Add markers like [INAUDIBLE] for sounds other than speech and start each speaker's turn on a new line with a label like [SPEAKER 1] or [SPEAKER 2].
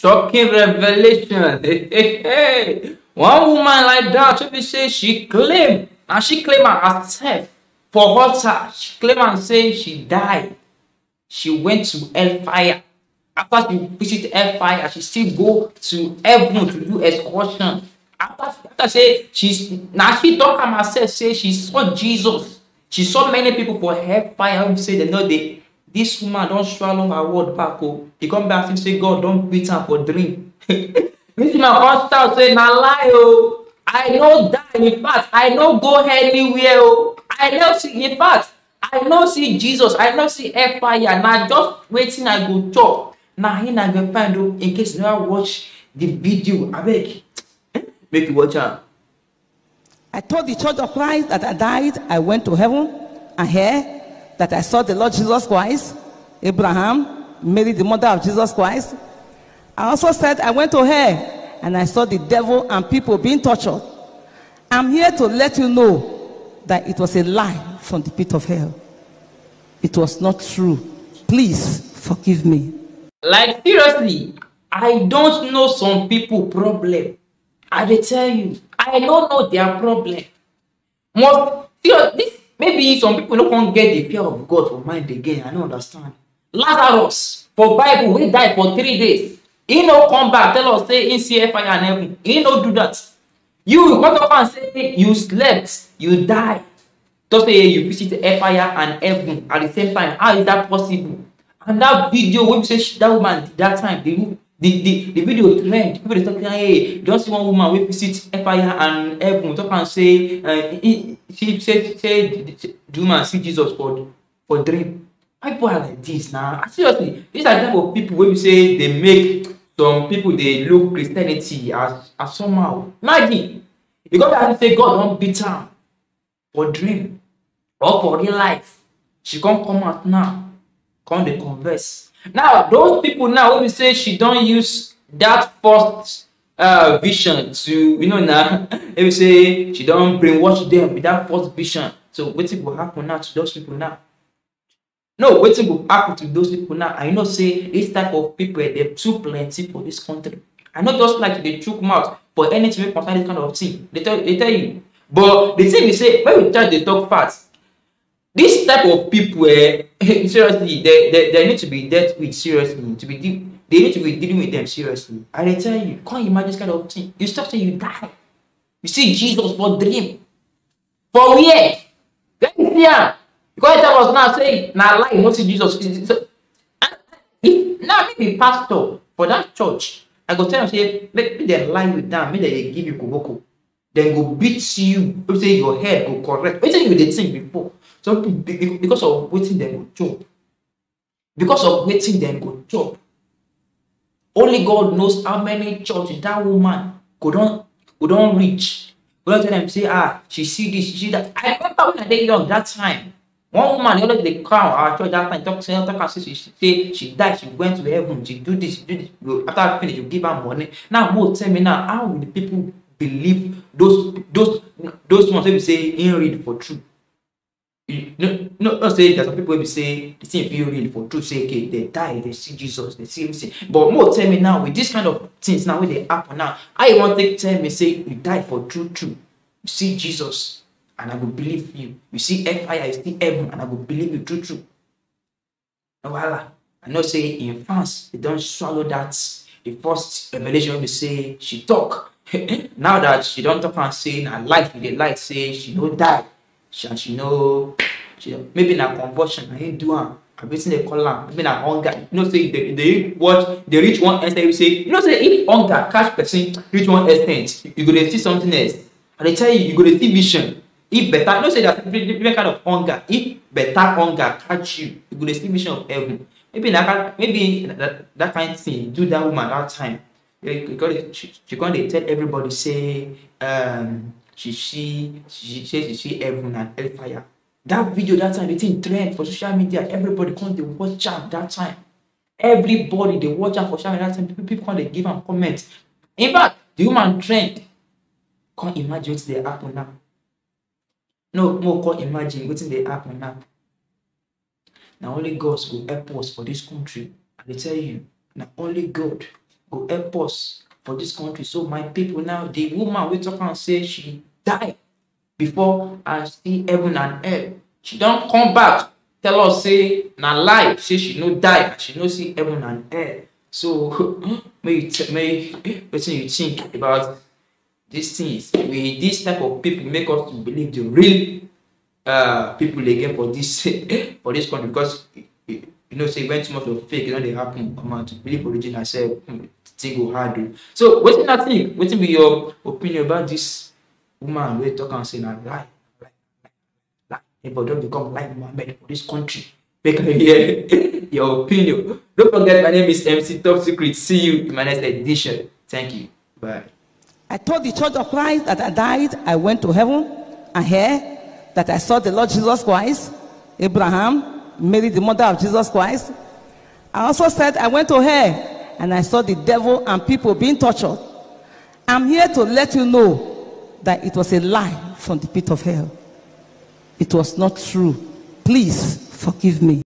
[SPEAKER 1] Shocking revelation. One woman like that, Chubby say she claimed, and she claimed herself for herself. She claimed and say she died. She went to hellfire. After she visit hellfire, she still go to heaven to do excursion. After, after say she's now she talk herself say she saw Jesus. She saw many people for hellfire who say they know they This woman don swallow her word back o oh. e come back see say god don beat am for dream [LAUGHS] This woman come shout say na lie o oh. i no die in fact i no go anywhere o oh. i no see in fact i no see jesus i no see fire. na just wetin i go chop na him i go find o in case you never watch the video abeg [LAUGHS] make you watch am.
[SPEAKER 2] i told the church of christ that i died i went to heaven and here that I saw the Lord Jesus Christ, Abraham, Mary, the mother of Jesus Christ. I also said I went to hell and I saw the devil and people being tortured. I'm here to let you know that it was a lie from the pit of hell. It was not true. Please forgive me.
[SPEAKER 1] Like seriously, I don't know some people problem. I will tell you, I don't know their problem. Most this Maybe some people no come get the fear of God for mind again. I no understand. Lazarus for Bible wey die for three days. He no come back tell us say he see fire and heaven. He no do that. You come up and say you slept, you die. Just say you visit fire and heaven at the same time. How is that possible? And that video wey be say that woman did that time dey the the the video trend people dey talk hey just see one woman wey visit fire and heaven talk am say uh, he, she say say the woman see jesus for for dream why people are like this na seriously these are the type of people wey be say dey make some people dey look christianity as as somehow imagine you go tell me say god don beat am for dream or for real life she come come out now come dey converse now those people now wey be say she don't use that first uh, vision to you know na maybe [LAUGHS] say she don't brainwash them with that first vision so what will happen now to those people now no what will happen to those people now i know say this type of people dey too plenty for this country i no just like they dey mouth for anything concerning this kind of thing they tell they tell you but the thing be say when we try dey talk fast this type of people eh, [LAUGHS] seriously they, they, they need to be dealt with seriously to be de- they need to be dealing with them seriously i dey tell you can't imagine this kind of thing you stop say you die you see jesus for dream for where let me see am because he tell us now say na lie you no see jesus so if now me be pastor for that church i go tell am say make make dem lie you down make dem dey give you koboko dem go beat you be say your head go correct wetin you dey think before some people because of wetin dem go chop because of wetin dem go chop only god knows how many church that woman go don go don reach go don tell dem say ah she see this she see that i remember when i dey young that time one woman the other day dey cry our church that time talk say talk am say she say she die she went to heaven she do this she do this after finish you give her money now mo tell me now how will the people believe those those those ones wey be say im e read for true no no no say there are some people wey be say the thing fit real for true say okay they die they see jesus they see everything but more tell me now with this kind of things now wey dey happen now how you wan take tell me say you die for true true you see jesus and i go believe you you see fire you see heaven and i go believe you true true no wahala i know say in france they don swallow that the first revolution wey be say she talk [LAUGHS] now that she don't talk and say and life they like say she no die she and she no she maybe a convulsion I him do I've been wetin dey call am maybe a hunger you know say they. They watch reach one extent You say you know say if hunger catch person reach one extent you go dey see something else i tell you you go to see vision if better you know say that different kind of hunger if better hunger catch you you go dey see vision of heaven maybe na maybe that, that kind thing do that woman that time because eh, she come dey tell everybody say um, she see she say she see heaven and fire. that video that time the thing trend for social media everybody come dey watch am that time everybody dey watch am for social media that time people, people come dey give am comment in fact the human trend can't imagine what's the happen now no no can't imagine what's the happen now Now only god will help us for this country i tell you now only god go help us for this country so my people, now the woman we talk and say she died before i see heaven and earth she don't come back tell us say na lie say she no die she no see heaven and earth so [LAUGHS] may may [LAUGHS] wetin you think about these things With dis type of people, make us to believe the real uh, people again for this [LAUGHS] for this country because you know say when too much of fake You know they happen come out believe original say. thing go hard o so wetin think be your opinion about this woman we talk talking? say na lie lie lie don't become like mohammed for this country make me hear [LAUGHS] your opinion don't forget my name is mc top secret see you in my next edition thank you bye.
[SPEAKER 2] I told the church of Christ that I died, I went to heaven, and here that I saw the Lord Jesus Christ, Abraham, Mary, the mother of Jesus Christ. I also said I went to her and I saw the devil and people being tortured. I'm here to let you know that it was a lie from the pit of hell. It was not true. Please forgive me.